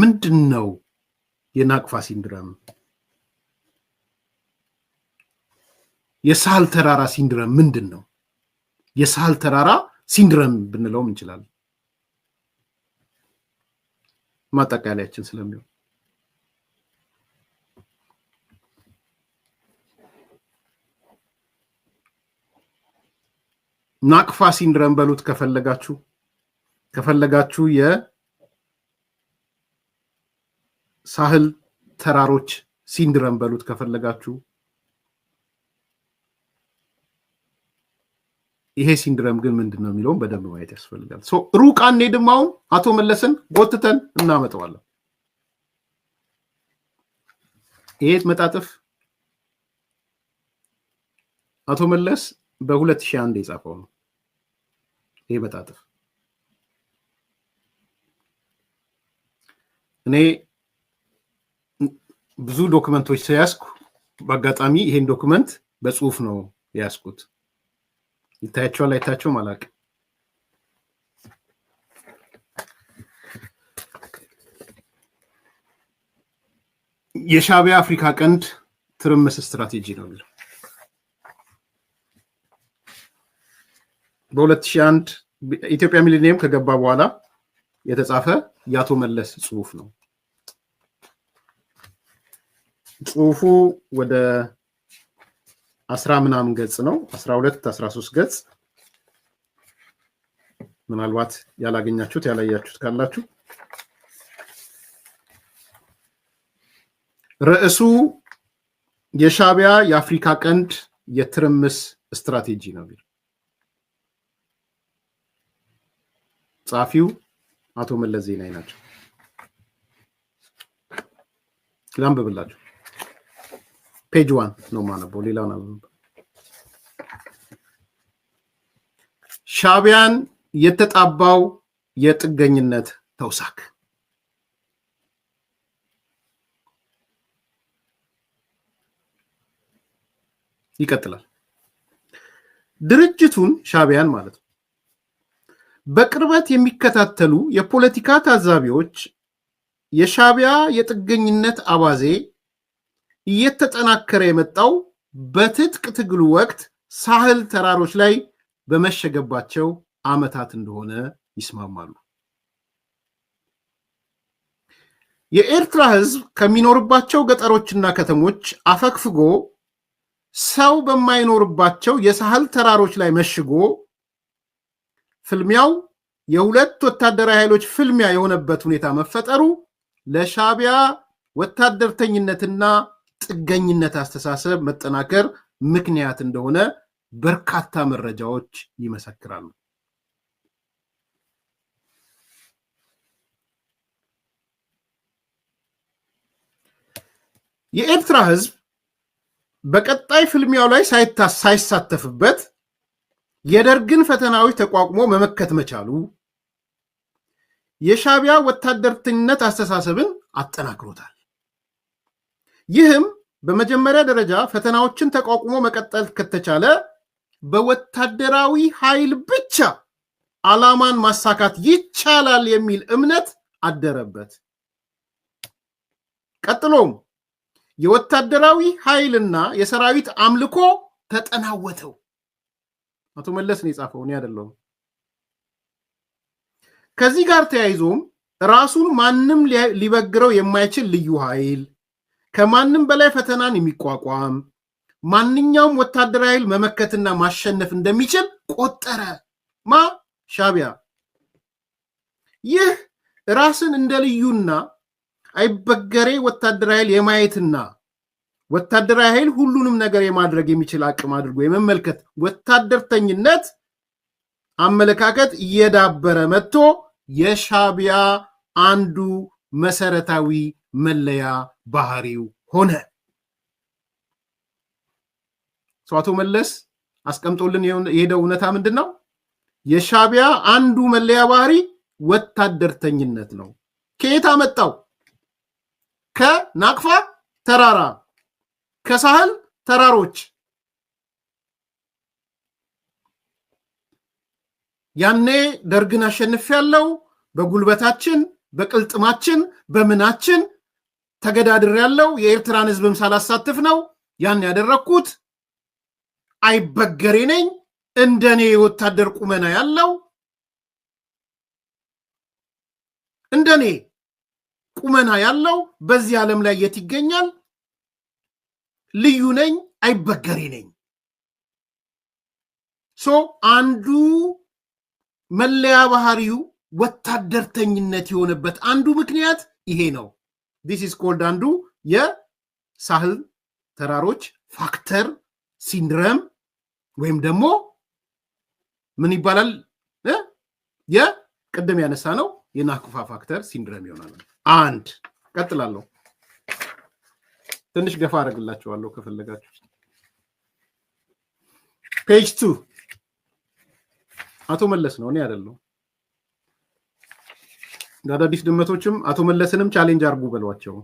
ምንድን ነው የናቅፋ ሲንድረም? የሳህል ተራራ ሲንድረም ምንድን ነው? የሳህል ተራራ ሲንድረም ብንለውም እንችላለን። ማጠቃለያችን ስለሚሆን ናቅፋ ሲንድረም በሉት ከፈለጋችሁ ከፈለጋችሁ የ ሳህል ተራሮች ሲንድረም በሉት ከፈለጋችሁ። ይሄ ሲንድረም ግን ምንድን ነው የሚለውም በደንብ ማየት ያስፈልጋል። ሩቅ አንሄድም። አሁን አቶ መለስን ጎትተን እናመጣዋለን። ይሄ መጣጥፍ አቶ መለስ በ ሺህ የጻፈው ነው። ይሄ መጣጥፍ እኔ ብዙ ዶክመንቶች ሲያስኩ በአጋጣሚ ይሄን ዶክመንት በጽሁፍ ነው ያስኩት ይታያቸዋል አይታቸውም አላውቅም። የሻዕቢያ አፍሪካ ቀንድ ትርምስ ስትራቴጂ ነው የሚለው በ2001 ኢትዮጵያ ሚሊኒየም ከገባ በኋላ የተጻፈ የአቶ መለስ ጽሁፍ ነው። ጽሁፉ ወደ አስራ ምናምን ገጽ ነው። አስራ ሁለት አስራ ሶስት ገጽ ምናልባት ያላገኛችሁት ያላያችሁት ካላችሁ ርዕሱ የሻዕቢያ የአፍሪካ ቀንድ የትርምስ ስትራቴጂ ነው የሚል ጸሐፊው አቶ መለስ ዜናዊ ናቸው። ላንብብላችሁ። ፔጅ ዋን ነው ማነበው፣ ሌላ ነው። ሻቢያን የተጣባው የጥገኝነት ተውሳክ ይቀጥላል። ድርጅቱን ሻቢያን ማለት ነው በቅርበት የሚከታተሉ የፖለቲካ ታዛቢዎች የሻቢያ የጥገኝነት አባዜ እየተጠናከረ የመጣው በትጥቅ ትግሉ ወቅት ሳህል ተራሮች ላይ በመሸገባቸው ዓመታት እንደሆነ ይስማማሉ። የኤርትራ ሕዝብ ከሚኖርባቸው ገጠሮችና ከተሞች አፈግፍጎ ሰው በማይኖርባቸው የሳህል ተራሮች ላይ መሽጎ ፍልሚያው የሁለት ወታደራዊ ኃይሎች ፍልሚያ የሆነበት ሁኔታ መፈጠሩ ለሻቢያ ወታደርተኝነትና ጥገኝነት አስተሳሰብ መጠናከር ምክንያት እንደሆነ በርካታ መረጃዎች ይመሰክራሉ። የኤርትራ ሕዝብ በቀጣይ ፍልሚያው ላይ ሳይሳተፍበት የደርግን ፈተናዎች ተቋቁሞ መመከት መቻሉ የሻቢያ ወታደርተኝነት አስተሳሰብን አጠናክሮታል። ይህም በመጀመሪያ ደረጃ ፈተናዎችን ተቋቁሞ መቀጠል ከተቻለ በወታደራዊ ኃይል ብቻ ዓላማን ማሳካት ይቻላል የሚል እምነት አደረበት። ቀጥሎም የወታደራዊ ኃይልና የሰራዊት አምልኮ ተጠናወተው። አቶ መለስ ነው የጻፈው፣ እኔ አይደለሁም። ከዚህ ጋር ተያይዞም ራሱን ማንም ሊበግረው የማይችል ልዩ ኃይል ከማንም በላይ ፈተናን የሚቋቋም ማንኛውም ወታደራዊ ኃይል መመከትና ማሸነፍ እንደሚችል ቆጠረ። ማ ሻቢያ ይህ ራስን እንደ ልዩና አይበገሬ ወታደራዊ ኃይል የማየትና ወታደራዊ ኃይል ሁሉንም ነገር የማድረግ የሚችል አቅም አድርጎ የመመልከት ወታደርተኝነት አመለካከት እየዳበረ መጥቶ የሻቢያ አንዱ መሰረታዊ መለያ ባህሪው ሆነ። ሰው አቶ መለስ አስቀምጦልን የሄደው እውነታ ምንድን ነው? የሻቢያ አንዱ መለያ ባህሪ ወታደርተኝነት ነው። ከየት አመጣው? ከናቅፋ ተራራ፣ ከሳህል ተራሮች ያኔ ደርግን አሸንፍ ያለው በጉልበታችን፣ በቅልጥማችን፣ በምናችን ተገዳድር ያለው የኤርትራን ህዝብም ሳላሳትፍ ነው ያን ያደረግኩት። አይበገሬ ነኝ። እንደኔ የወታደር ቁመና ያለው እንደኔ ቁመና ያለው በዚህ ዓለም ላይ የት ይገኛል? ልዩ ነኝ፣ አይበገሬ ነኝ። ሶ አንዱ መለያ ባህሪው ወታደርተኝነት የሆነበት አንዱ ምክንያት ይሄ ነው። ዲስ ኢዝ ኮልድ አንዱ የሳህል ተራሮች ፋክተር ሲንድረም ወይም ደግሞ ምን ይባላል? የቅድም ያነሳ ነው የናኩፋ ፋክተር ሲንድረም ይሆናል። አንድ ቀጥላለሁ። ትንሽ ገፋ አደርግላችኋለሁ ከፈለጋችሁ ፔጅ ቱ አቶ መለስ ነው እኔ አይደለሁም። ለአዳዲስ ድመቶችም አቶ መለስንም ቻሌንጅ አርጉ በሏቸው።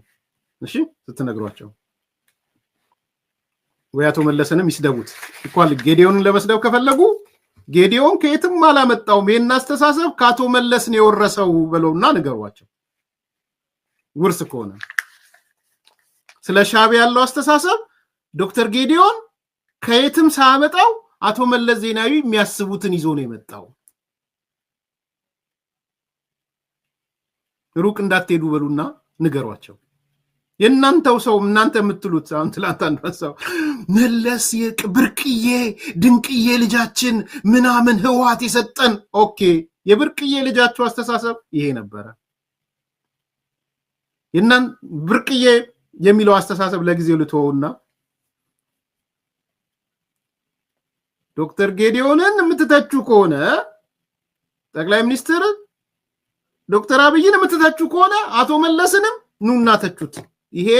እሺ ስትነግሯቸው ወይ አቶ መለስንም ይስደቡት እኳል ጌዲዮንን ለመስደብ ከፈለጉ ጌዲዮን ከየትም አላመጣውም ይህን አስተሳሰብ ከአቶ መለስ የወረሰው ብለውና ንገሯቸው። ውርስ ከሆነ ስለ ሻዕቢያ ያለው አስተሳሰብ ዶክተር ጌዲዮን ከየትም ሳያመጣው አቶ መለስ ዜናዊ የሚያስቡትን ይዞ ነው የመጣው። ሩቅ እንዳትሄዱ በሉና ንገሯቸው። የእናንተው ሰው እናንተ የምትሉት አሁን ትላንት አንዱ ሰው መለስ ብርቅዬ ድንቅዬ ልጃችን ምናምን ህወሓት የሰጠን ኦኬ፣ የብርቅዬ ልጃችሁ አስተሳሰብ ይሄ ነበረ። ብርቅዬ የሚለው አስተሳሰብ ለጊዜ ልትወውና ዶክተር ጌዲዮንን የምትተቹ ከሆነ ጠቅላይ ሚኒስትር ዶክተር አብይን የምትተቹ ከሆነ አቶ መለስንም ኑና ተቹት። ይሄ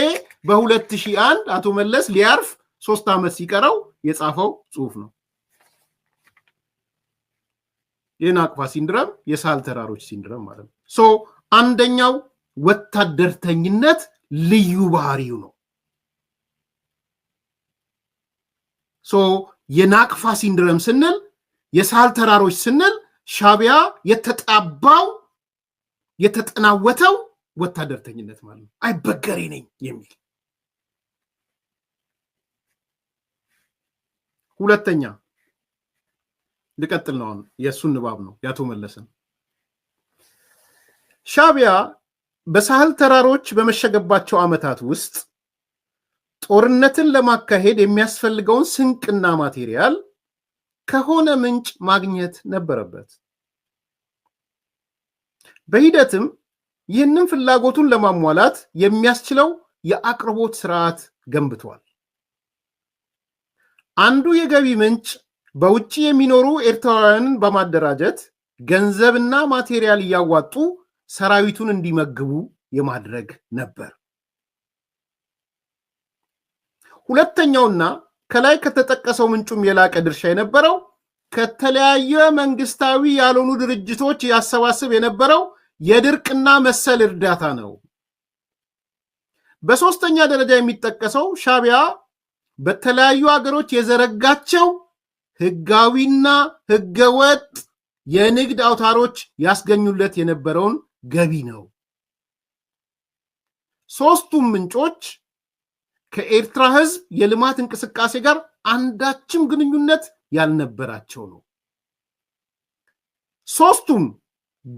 በ2001 አቶ መለስ ሊያርፍ ሶስት ዓመት ሲቀረው የጻፈው ጽሁፍ ነው። የናቅፋ ሲንድረም የሳል ተራሮች ሲንድረም ማለት ነው። ሶ አንደኛው ወታደርተኝነት ልዩ ባህሪው ነው። ሶ የናቅፋ ሲንድረም ስንል የሳል ተራሮች ስንል ሻቢያ የተጣባው የተጠናወተው ወታደርተኝነት ማለት ነው። አይበገሬ ነኝ የሚል ሁለተኛ ልቀጥል ነው። አሁን የእሱን ንባብ ነው ያቶ መለስን። ሻቢያ በሳህል ተራሮች በመሸገባቸው ዓመታት ውስጥ ጦርነትን ለማካሄድ የሚያስፈልገውን ስንቅና ማቴሪያል ከሆነ ምንጭ ማግኘት ነበረበት። በሂደትም ይህንን ፍላጎቱን ለማሟላት የሚያስችለው የአቅርቦት ስርዓት ገንብቷል። አንዱ የገቢ ምንጭ በውጭ የሚኖሩ ኤርትራውያንን በማደራጀት ገንዘብና ማቴሪያል እያዋጡ ሰራዊቱን እንዲመግቡ የማድረግ ነበር። ሁለተኛውና ከላይ ከተጠቀሰው ምንጩም የላቀ ድርሻ የነበረው ከተለያየ መንግስታዊ ያልሆኑ ድርጅቶች ያሰባስብ የነበረው የድርቅና መሰል እርዳታ ነው። በሶስተኛ ደረጃ የሚጠቀሰው ሻቢያ በተለያዩ ሀገሮች የዘረጋቸው ህጋዊና ህገወጥ የንግድ አውታሮች ያስገኙለት የነበረውን ገቢ ነው። ሶስቱም ምንጮች ከኤርትራ ህዝብ የልማት እንቅስቃሴ ጋር አንዳችም ግንኙነት ያልነበራቸው ነው። ሶስቱም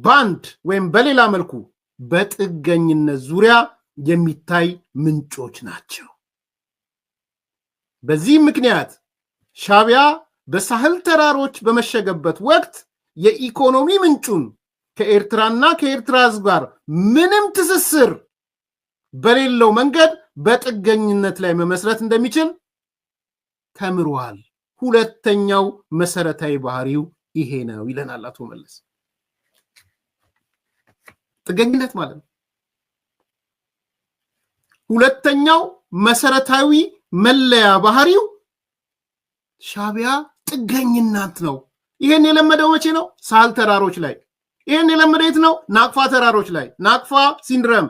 ባንድ ወይም በሌላ መልኩ በጥገኝነት ዙሪያ የሚታይ ምንጮች ናቸው። በዚህ ምክንያት ሻቢያ በሳህል ተራሮች በመሸገበት ወቅት የኢኮኖሚ ምንጩን ከኤርትራና ከኤርትራ ሕዝብ ጋር ምንም ትስስር በሌለው መንገድ በጥገኝነት ላይ መመስረት እንደሚችል ተምሯል። ሁለተኛው መሰረታዊ ባህሪው ይሄ ነው ይለናል አቶ መለስ። ጥገኝነት ማለት ነው። ሁለተኛው መሰረታዊ መለያ ባህሪው ሻቢያ ጥገኝነት ነው። ይህን የለመደው መቼ ነው? ሳህል ተራሮች ላይ ይህን የለመደው የት ነው? ናቅፋ ተራሮች ላይ ናቅፋ ሲንድረም፣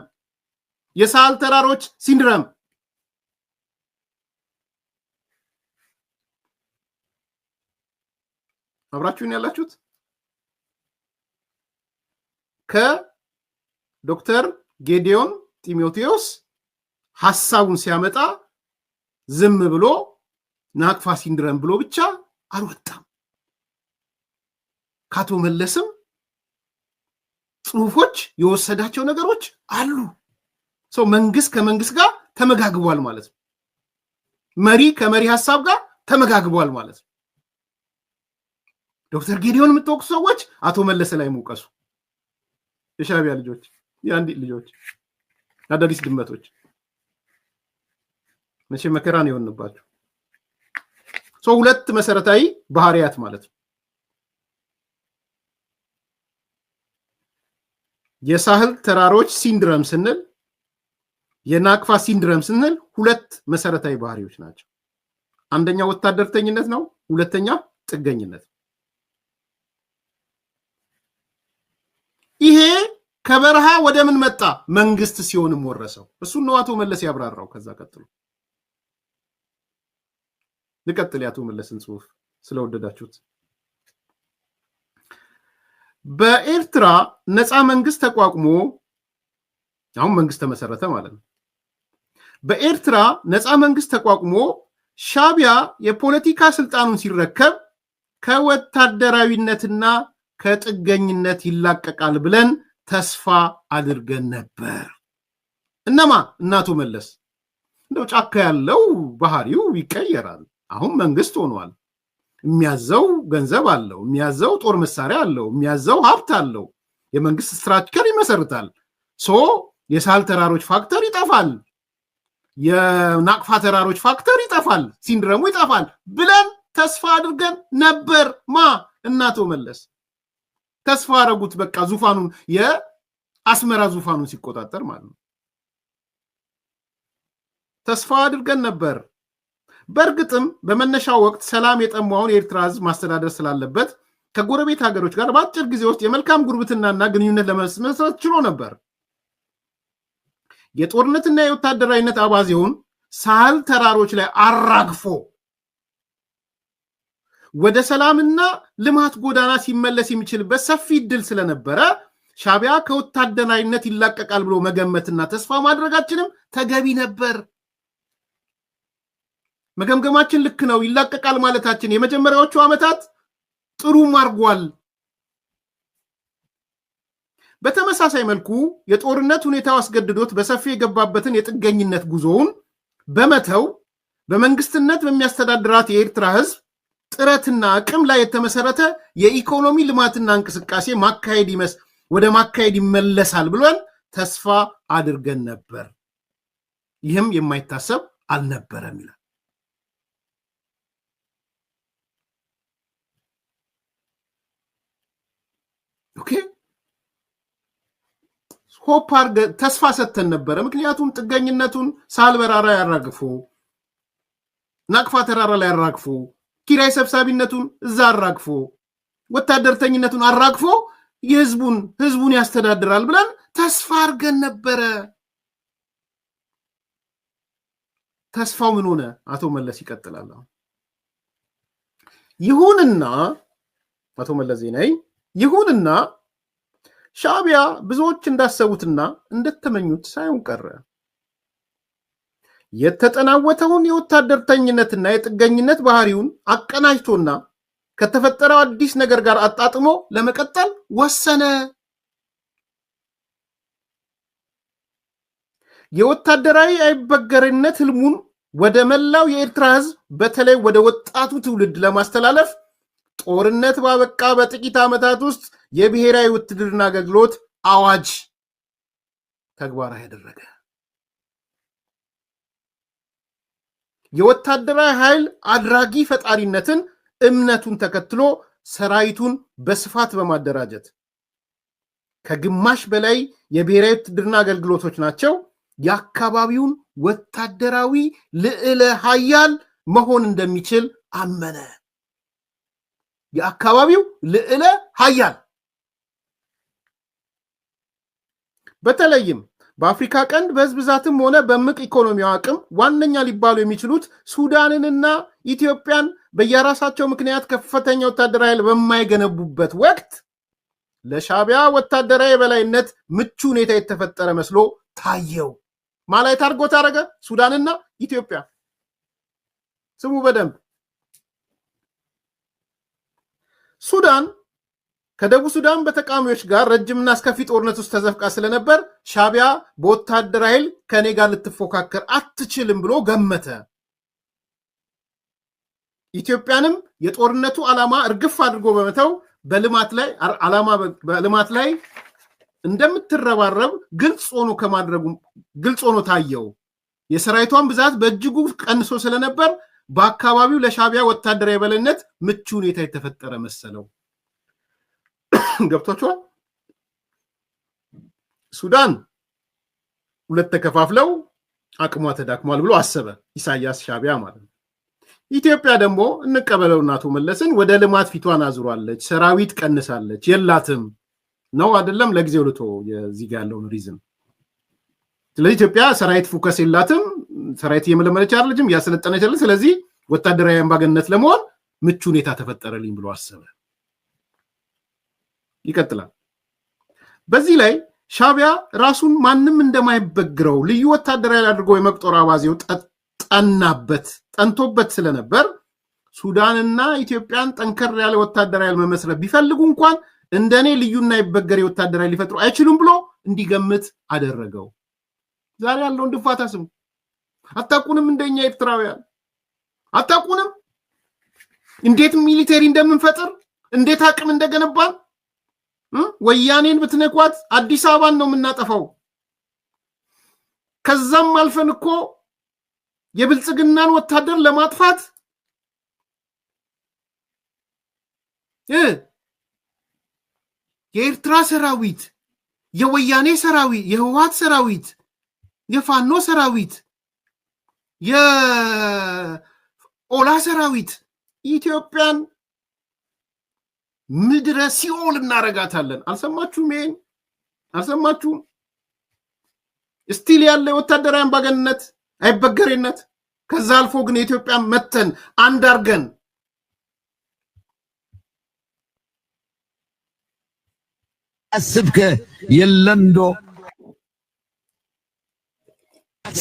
የሳህል ተራሮች ሲንድረም አብራችሁን ያላችሁት ከ ዶክተር ጌዲዮን ጢሞቴዎስ ሀሳቡን ሲያመጣ ዝም ብሎ ናቅፋ ሲንድረም ብሎ ብቻ አልወጣም። ከአቶ መለስም ጽሁፎች የወሰዳቸው ነገሮች አሉ። ሰው መንግስት ከመንግስት ጋር ተመጋግቧል ማለት ነው። መሪ ከመሪ ሀሳብ ጋር ተመጋግቧል ማለት ነው። ዶክተር ጌዲዮን የምትወቅሱ ሰዎች አቶ መለስ ላይ መውቀሱ የሻቢያ ልጆች የአንዲት ልጆች አዳዲስ ድመቶች መቼ መከራን የሆንባቸው ሰው ሁለት መሰረታዊ ባህሪያት ማለት ነው። የሳህል ተራሮች ሲንድረም ስንል የናቅፋ ሲንድረም ስንል ሁለት መሰረታዊ ባህሪዎች ናቸው። አንደኛ ወታደርተኝነት ነው። ሁለተኛ ጥገኝነት። ይሄ ከበረሃ ወደ ምን መጣ? መንግስት ሲሆንም ወረሰው። እሱን ነው አቶ መለስ ያብራራው። ከዛ ቀጥሎ ልቀጥል። የአቶ መለስን ጽሁፍ ስለወደዳችሁት በኤርትራ ነፃ መንግስት ተቋቁሞ አሁን መንግስት ተመሰረተ ማለት ነው። በኤርትራ ነፃ መንግስት ተቋቁሞ ሻቢያ የፖለቲካ ስልጣኑን ሲረከብ ከወታደራዊነትና ከጥገኝነት ይላቀቃል ብለን ተስፋ አድርገን ነበር። እነማ እናቶ መለስ እንደው ጫካ ያለው ባህሪው ይቀየራል። አሁን መንግስት ሆኗል። የሚያዘው ገንዘብ አለው፣ የሚያዘው ጦር መሳሪያ አለው፣ የሚያዘው ሀብት አለው። የመንግስት ስትራክቸር ይመሰርታል። ሶ የሳል ተራሮች ፋክተር ይጠፋል፣ የናቅፋ ተራሮች ፋክተር ይጠፋል፣ ሲንድረሙ ይጠፋል ብለን ተስፋ አድርገን ነበር ማ እናቶ መለስ ተስፋ አረጉት። በቃ ዙፋኑን የአስመራ ዙፋኑን ሲቆጣጠር ማለት ነው። ተስፋ አድርገን ነበር። በእርግጥም በመነሻው ወቅት ሰላም የጠማውን የኤርትራ ህዝብ ማስተዳደር ስላለበት ከጎረቤት ሀገሮች ጋር በአጭር ጊዜ ውስጥ የመልካም ጉርብትናና ግንኙነት ለመስመሰረት ችሎ ነበር። የጦርነትና የወታደራዊነት አባዜውን ሳህል ተራሮች ላይ አራግፎ ወደ ሰላምና ልማት ጎዳና ሲመለስ የሚችልበት ሰፊ እድል ስለነበረ ሻቢያ ከወታደራዊነት ይላቀቃል ብሎ መገመትና ተስፋ ማድረጋችንም ተገቢ ነበር። መገምገማችን ልክ ነው። ይላቀቃል ማለታችን የመጀመሪያዎቹ ዓመታት ጥሩም አድርጓል። በተመሳሳይ መልኩ የጦርነት ሁኔታው አስገድዶት በሰፊ የገባበትን የጥገኝነት ጉዞውን በመተው በመንግስትነት በሚያስተዳድራት የኤርትራ ሕዝብ ጥረትና አቅም ላይ የተመሰረተ የኢኮኖሚ ልማትና እንቅስቃሴ ማካሄድ ይመስ ወደ ማካሄድ ይመለሳል ብለን ተስፋ አድርገን ነበር። ይህም የማይታሰብ አልነበረም ይላል። ኦኬ ሆፕ አርገ ተስፋ ሰጥተን ነበረ። ምክንያቱም ጥገኝነቱን ሳልበራራ ያራግፉ ናቅፋ ተራራ ላይ ያራግፉ ኪራይ ሰብሳቢነቱን እዛ አራግፎ ወታደርተኝነቱን አራግፎ የህዝቡን ህዝቡን ያስተዳድራል ብለን ተስፋ አድርገን ነበረ። ተስፋው ምን ሆነ? አቶ መለስ ይቀጥላል። ይሁንና አቶ መለስ ዜናዊ ይሁንና ሻዕቢያ ብዙዎች እንዳሰቡትና እንደተመኙት ሳይሆን ቀረ። የተጠናወተውን የወታደርተኝነትና የጥገኝነት ባህሪውን አቀናጅቶና ከተፈጠረው አዲስ ነገር ጋር አጣጥሞ ለመቀጠል ወሰነ። የወታደራዊ አይበገሬነት ህልሙን ወደ መላው የኤርትራ ህዝብ በተለይ ወደ ወጣቱ ትውልድ ለማስተላለፍ ጦርነት ባበቃ በጥቂት ዓመታት ውስጥ የብሔራዊ ውትድርና አገልግሎት አዋጅ ተግባራዊ ያደረገ የወታደራዊ ኃይል አድራጊ ፈጣሪነትን እምነቱን ተከትሎ ሰራዊቱን በስፋት በማደራጀት ከግማሽ በላይ የብሔራዊ ውትድርና አገልግሎቶች ናቸው የአካባቢውን ወታደራዊ ልዕለ ሀያል መሆን እንደሚችል አመነ። የአካባቢው ልዕለ ሀያል በተለይም በአፍሪካ ቀንድ በዝብዛትም ብዛትም ሆነ በምቅ ኢኮኖሚው አቅም ዋነኛ ሊባሉ የሚችሉት ሱዳንንና ኢትዮጵያን በየራሳቸው ምክንያት ከፍተኛ ወታደራዊ ኃይል በማይገነቡበት ወቅት ለሻቢያ ወታደራዊ የበላይነት ምቹ ሁኔታ የተፈጠረ መስሎ ታየው። ማላይ ታርጎ ታረገ ሱዳንና ኢትዮጵያ። ስሙ በደንብ ሱዳን ከደቡብ ሱዳን በተቃዋሚዎች ጋር ረጅምና አስከፊ ጦርነት ውስጥ ተዘፍቃ ስለነበር ሻቢያ በወታደር ኃይል ከእኔ ጋር ልትፎካከር አትችልም ብሎ ገመተ። ኢትዮጵያንም የጦርነቱ ዓላማ እርግፍ አድርጎ በመተው በልማት ላይ ዓላማ በልማት ላይ እንደምትረባረብ ግልጽ ሆኖ ከማድረጉ ግልጽ ሆኖ ታየው። የሰራዊቷን ብዛት በእጅጉ ቀንሶ ስለነበር በአካባቢው ለሻቢያ ወታደራዊ የበላይነት ምቹ ሁኔታ የተፈጠረ መሰለው። ገብቷችኋል። ሱዳን ሁለት ተከፋፍለው አቅሟ ተዳክሟል ብሎ አሰበ ኢሳያስ ሻቢያ ማለት ነው። ኢትዮጵያ ደግሞ እንቀበለው እናቶ መለስን ወደ ልማት ፊቷን አዙሯለች፣ ሰራዊት ቀንሳለች፣ የላትም ነው አይደለም። ለጊዜው ልቶ የዚህ ጋ ያለውን ሪዝም ስለዚህ ኢትዮጵያ ሰራዊት ፉከስ የላትም፣ ሰራዊት እየመለመለች አለችም፣ እያሰለጠነች አይደለም። ስለዚህ ወታደራዊ አምባገነት ለመሆን ምቹ ሁኔታ ተፈጠረልኝ ብሎ አሰበ። ይቀጥላል። በዚህ ላይ ሻቢያ ራሱን ማንም እንደማይበግረው ልዩ ወታደራዊ አድርጎ የመቁጠር አባዜው ጠናበት ጠንቶበት ስለነበር ሱዳንና ኢትዮጵያን ጠንከር ያለ ወታደራዊ ኃይል መመስረት ቢፈልጉ እንኳን እንደኔ ልዩና ይበገር ወታደራዊ ሊፈጥሩ አይችሉም ብሎ እንዲገምት አደረገው። ዛሬ ያለውን ድፋታ ስሙ። አታቁንም እንደኛ ኤርትራውያን አታቁንም እንዴት ሚሊተሪ እንደምንፈጥር እንዴት አቅም እንደገነባን ወያኔን ብትነኳት አዲስ አበባን ነው የምናጠፋው። ከዛም አልፈን እኮ የብልጽግናን ወታደር ለማጥፋት የኤርትራ ሰራዊት፣ የወያኔ ሰራዊት፣ የህወሀት ሰራዊት፣ የፋኖ ሰራዊት፣ የኦላ ሰራዊት ኢትዮጵያን ምድረ ሲኦል እናረጋታለን። አልሰማችሁም? ይሄን አልሰማችሁም? ስቲል ያለ የወታደራዊ አምባገንነት አይበገሬነት፣ ከዛ አልፎ ግን የኢትዮጵያ መተን አንድ አርገን አስብከ የለንዶ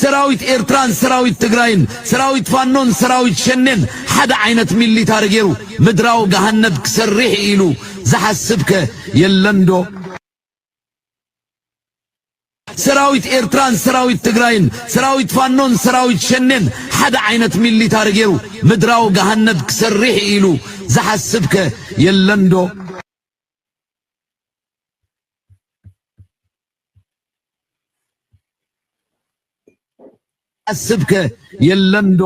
ሰራዊት ኤርትራን፣ ሰራዊት ትግራይን፣ ሰራዊት ፋኖን፣ ሰራዊት ሸኔን ሓደ ዓይነት ሚሊታ ረጌሩ ምድራዊ ገሃነብ ክሰርሕ ኢሉ ዝሓስብከ የለንዶ? ሰራዊት ኤርትራን፣ ሰራዊት ትግራይን፣ ሰራዊት ፋኖን፣ ሰራዊት ሸኔን ሓደ ዓይነት ሚሊታ ረጌሩ ምድራዊ ገሃነብ ክሰርሕ ኢሉ ዝሓስብከ የለንዶ? አስብከ የለምዶ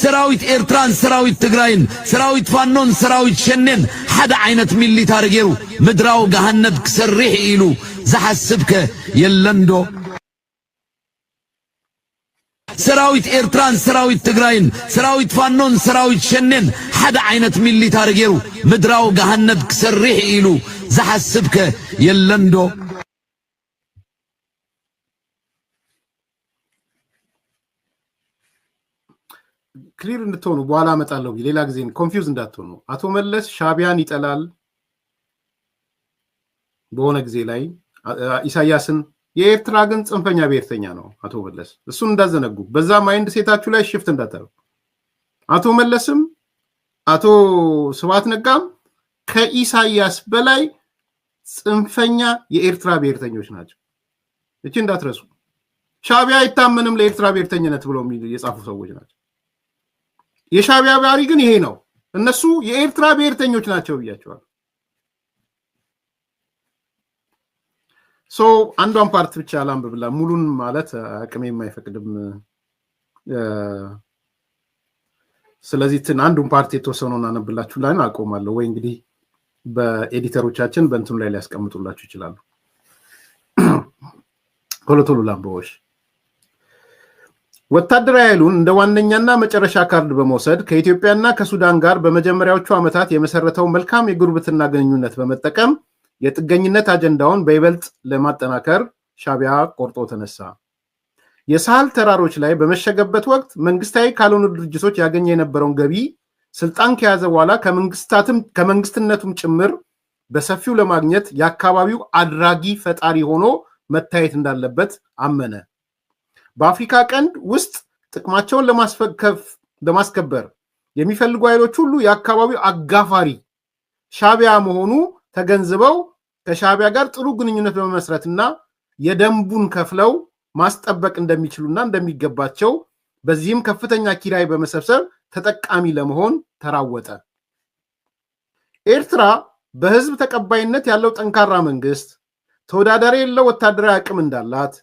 ሰራዊት ኤርትራን ሰራዊት ትግራይን ሰራዊት ፋኖን ሰራዊት ሸኔን ሓደ ዓይነት ሚሊታር ገይሩ ምድራዊ ገሃነብ ክሰርሕ ኢሉ ዝሓስብከ የለምዶ ሰራዊት ኤርትራን ሰራዊት ትግራይን ሰራዊት ፋኖን ሰራዊት ሸኔን ሓደ ዓይነት ሚሊታር ገይሩ ምድራዊ ገሃነብ ክሰርሕ ኢሉ ዝሓስብከ የለምዶ ክሊር እንድትሆኑ በኋላ እመጣለሁ። ሌላ ጊዜ ኮንፊውዝ እንዳትሆኑ። አቶ መለስ ሻቢያን ይጠላል በሆነ ጊዜ ላይ ኢሳያስን የኤርትራ ግን ጽንፈኛ ብሔርተኛ ነው አቶ መለስ። እሱን እንዳዘነጉ በዛ ማይንድ ሴታችሁ ላይ ሽፍት እንዳታረጉ። አቶ መለስም አቶ ስብሐት ነጋም ከኢሳያስ በላይ ጽንፈኛ የኤርትራ ብሔርተኞች ናቸው። እቺ እንዳትረሱ። ሻቢያ አይታመንም ለኤርትራ ብሔርተኝነት ብለው የጻፉ ሰዎች ናቸው። የሻቢያ ባህሪ ግን ይሄ ነው። እነሱ የኤርትራ ብሔርተኞች ናቸው ብያቸዋል። ሶ አንዷን ፓርት ብቻ ላንብብላ፣ ሙሉን ማለት አቅሜ የማይፈቅድም። ስለዚህ ትን አንዱን ፓርት የተወሰነውን አነብላችሁ ላይ አቆማለሁ፣ ወይ እንግዲህ በኤዲተሮቻችን በእንትኑ ላይ ሊያስቀምጡላችሁ ይችላሉ። ቶሎ ቶሎ ወታደራዊ ኃይሉን እንደ ዋነኛና መጨረሻ ካርድ በመውሰድ ከኢትዮጵያና ከሱዳን ጋር በመጀመሪያዎቹ ዓመታት የመሰረተው መልካም የጉርብትና ግንኙነት በመጠቀም የጥገኝነት አጀንዳውን በይበልጥ ለማጠናከር ሻቢያ ቆርጦ ተነሳ። የሳህል ተራሮች ላይ በመሸገበት ወቅት መንግስታዊ ካልሆኑ ድርጅቶች ያገኘ የነበረውን ገቢ ስልጣን ከያዘ በኋላ ከመንግስትነቱም ጭምር በሰፊው ለማግኘት የአካባቢው አድራጊ ፈጣሪ ሆኖ መታየት እንዳለበት አመነ። በአፍሪካ ቀንድ ውስጥ ጥቅማቸውን ለማስከበር የሚፈልጉ ኃይሎች ሁሉ የአካባቢው አጋፋሪ ሻቢያ መሆኑ ተገንዝበው ከሻቢያ ጋር ጥሩ ግንኙነት በመመስረት እና የደንቡን ከፍለው ማስጠበቅ እንደሚችሉና እንደሚገባቸው በዚህም ከፍተኛ ኪራይ በመሰብሰብ ተጠቃሚ ለመሆን ተራወጠ። ኤርትራ በህዝብ ተቀባይነት ያለው ጠንካራ መንግስት፣ ተወዳዳሪ የለው ወታደራዊ አቅም እንዳላት፣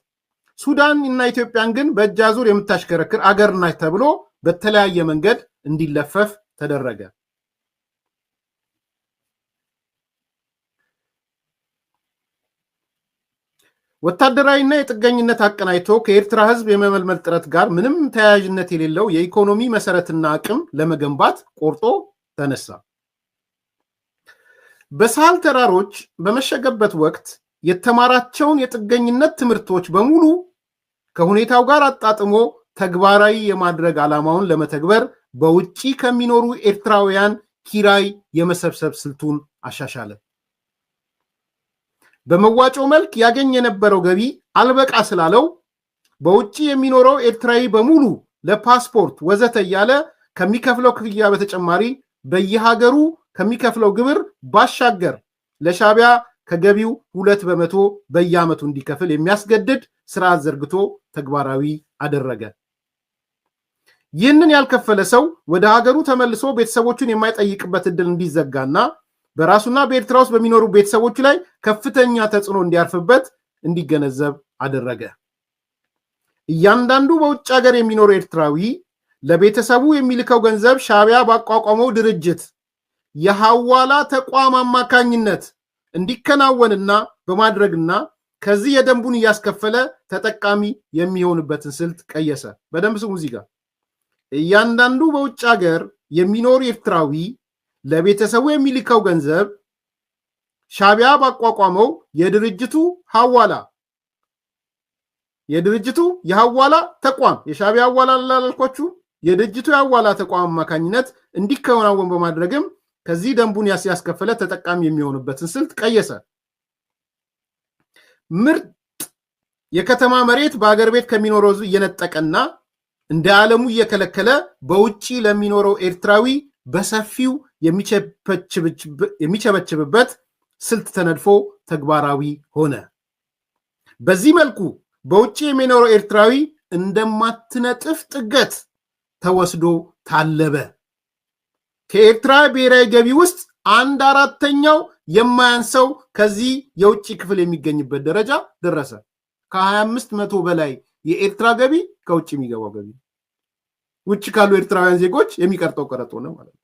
ሱዳን እና ኢትዮጵያን ግን በእጅ አዙር የምታሽከረክር አገር ናች ተብሎ በተለያየ መንገድ እንዲለፈፍ ተደረገ። ወታደራዊና የጥገኝነት አቀናይቶ ከኤርትራ ሕዝብ የመመልመል ጥረት ጋር ምንም ተያያዥነት የሌለው የኢኮኖሚ መሰረትና አቅም ለመገንባት ቆርጦ ተነሳ። በሳህል ተራሮች በመሸገበት ወቅት የተማራቸውን የጥገኝነት ትምህርቶች በሙሉ ከሁኔታው ጋር አጣጥሞ ተግባራዊ የማድረግ ዓላማውን ለመተግበር በውጭ ከሚኖሩ ኤርትራውያን ኪራይ የመሰብሰብ ስልቱን አሻሻለ። በመዋጮ መልክ ያገኝ የነበረው ገቢ አልበቃ ስላለው በውጭ የሚኖረው ኤርትራዊ በሙሉ ለፓስፖርት ወዘተ እያለ ከሚከፍለው ክፍያ በተጨማሪ በየሀገሩ ከሚከፍለው ግብር ባሻገር ለሻቢያ ከገቢው ሁለት በመቶ በየዓመቱ እንዲከፍል የሚያስገድድ ስራ ዘርግቶ ተግባራዊ አደረገ። ይህንን ያልከፈለ ሰው ወደ ሀገሩ ተመልሶ ቤተሰቦቹን የማይጠይቅበት እንዲዘጋ እንዲዘጋና በራሱና በኤርትራ ውስጥ በሚኖሩ ቤተሰቦች ላይ ከፍተኛ ተጽዕኖ እንዲያርፍበት እንዲገነዘብ አደረገ። እያንዳንዱ በውጭ ሀገር የሚኖሩ ኤርትራዊ ለቤተሰቡ የሚልከው ገንዘብ ሻቢያ ባቋቋመው ድርጅት የሐዋላ ተቋም አማካኝነት እንዲከናወንና በማድረግና ከዚህ የደንቡን እያስከፈለ ተጠቃሚ የሚሆንበትን ስልት ቀየሰ። በደንብ ስሙ እዚህ ጋር እያንዳንዱ በውጭ ሀገር የሚኖር ኤርትራዊ ለቤተሰቡ የሚልከው ገንዘብ ሻቢያ ባቋቋመው የድርጅቱ ሀዋላ የድርጅቱ የሀዋላ ተቋም የሻቢያ ሀዋላ ላላልኳችሁ የድርጅቱ የሀዋላ ተቋም አማካኝነት እንዲከናወን በማድረግም ከዚህ ደንቡን ያስከፈለ ተጠቃሚ የሚሆንበትን ስልት ቀየሰ። ምርጥ የከተማ መሬት በአገር ቤት ከሚኖረው ህዝብ እየነጠቀና እንደ ዓለሙ እየከለከለ በውጭ ለሚኖረው ኤርትራዊ በሰፊው የሚቸበችብበት ስልት ተነድፎ ተግባራዊ ሆነ። በዚህ መልኩ በውጭ የሚኖረው ኤርትራዊ እንደማትነጥፍ ጥገት ተወስዶ ታለበ። ከኤርትራ ብሔራዊ ገቢ ውስጥ አንድ አራተኛው የማያንሰው ከዚህ የውጭ ክፍል የሚገኝበት ደረጃ ደረሰ። ከ25 መቶ በላይ የኤርትራ ገቢ ከውጭ የሚገባው ገቢ ውጭ ካሉ ኤርትራውያን ዜጎች የሚቀርጠው ቀረጥ ሆነ ማለት ነው።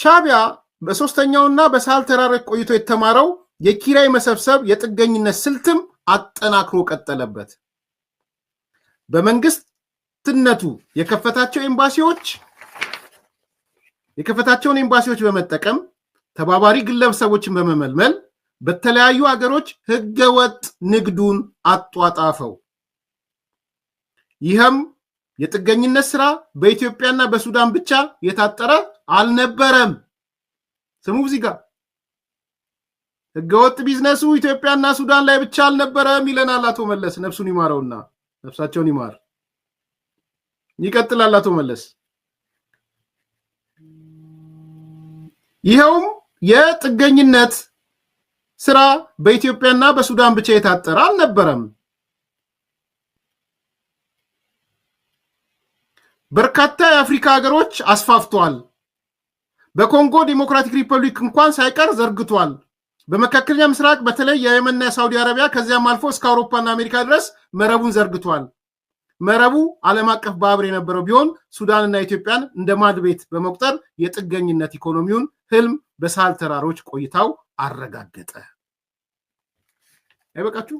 ሻቢያ በሶስተኛውና በሳህል ተራሮች ቆይቶ የተማረው የኪራይ መሰብሰብ የጥገኝነት ስልትም አጠናክሮ ቀጠለበት። በመንግስትነቱ የከፈታቸው ኤምባሲዎች የከፈታቸውን ኤምባሲዎች በመጠቀም ተባባሪ ግለሰቦችን በመመልመል በተለያዩ ሀገሮች ህገወጥ ንግዱን አጧጣፈው። ይህም የጥገኝነት ስራ በኢትዮጵያና በሱዳን ብቻ የታጠረ አልነበረም። ስሙ እዚህ ጋር ህገወጥ ቢዝነሱ ኢትዮጵያና ሱዳን ላይ ብቻ አልነበረም ይለናል አቶ መለስ። ነፍሱን ይማረውና ነፍሳቸውን ይማር። ይቀጥላል አቶ መለስ ይኸውም የጥገኝነት ስራ በኢትዮጵያና በሱዳን ብቻ የታጠረ አልነበረም። በርካታ የአፍሪካ ሀገሮች አስፋፍቷል። በኮንጎ ዲሞክራቲክ ሪፐብሊክ እንኳን ሳይቀር ዘርግቷል። በመካከለኛ ምስራቅ በተለይ የየመንና የሳውዲ አረቢያ ከዚያም አልፎ እስከ አውሮፓና አሜሪካ ድረስ መረቡን ዘርግቷል። መረቡ ዓለም አቀፍ ባብር የነበረው ቢሆን ሱዳንና ኢትዮጵያን እንደ ማድቤት በመቁጠር የጥገኝነት ኢኮኖሚውን ህልም በሳህል ተራሮች ቆይታው አረጋገጠ። አይበቃችሁ?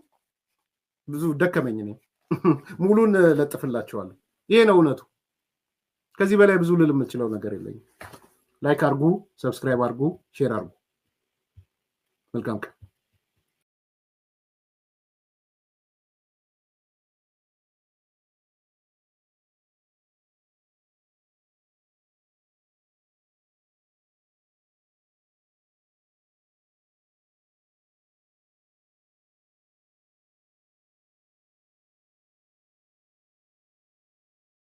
ብዙ ደከመኝ። ሙሉን ለጥፍላችኋለሁ። ይሄ ነው እውነቱ። ከዚህ በላይ ብዙ ልል የምችለው ነገር የለኝም። ላይክ አርጉ፣ ሰብስክራይብ አርጉ፣ ሼር አርጉ። መልካም ቀን።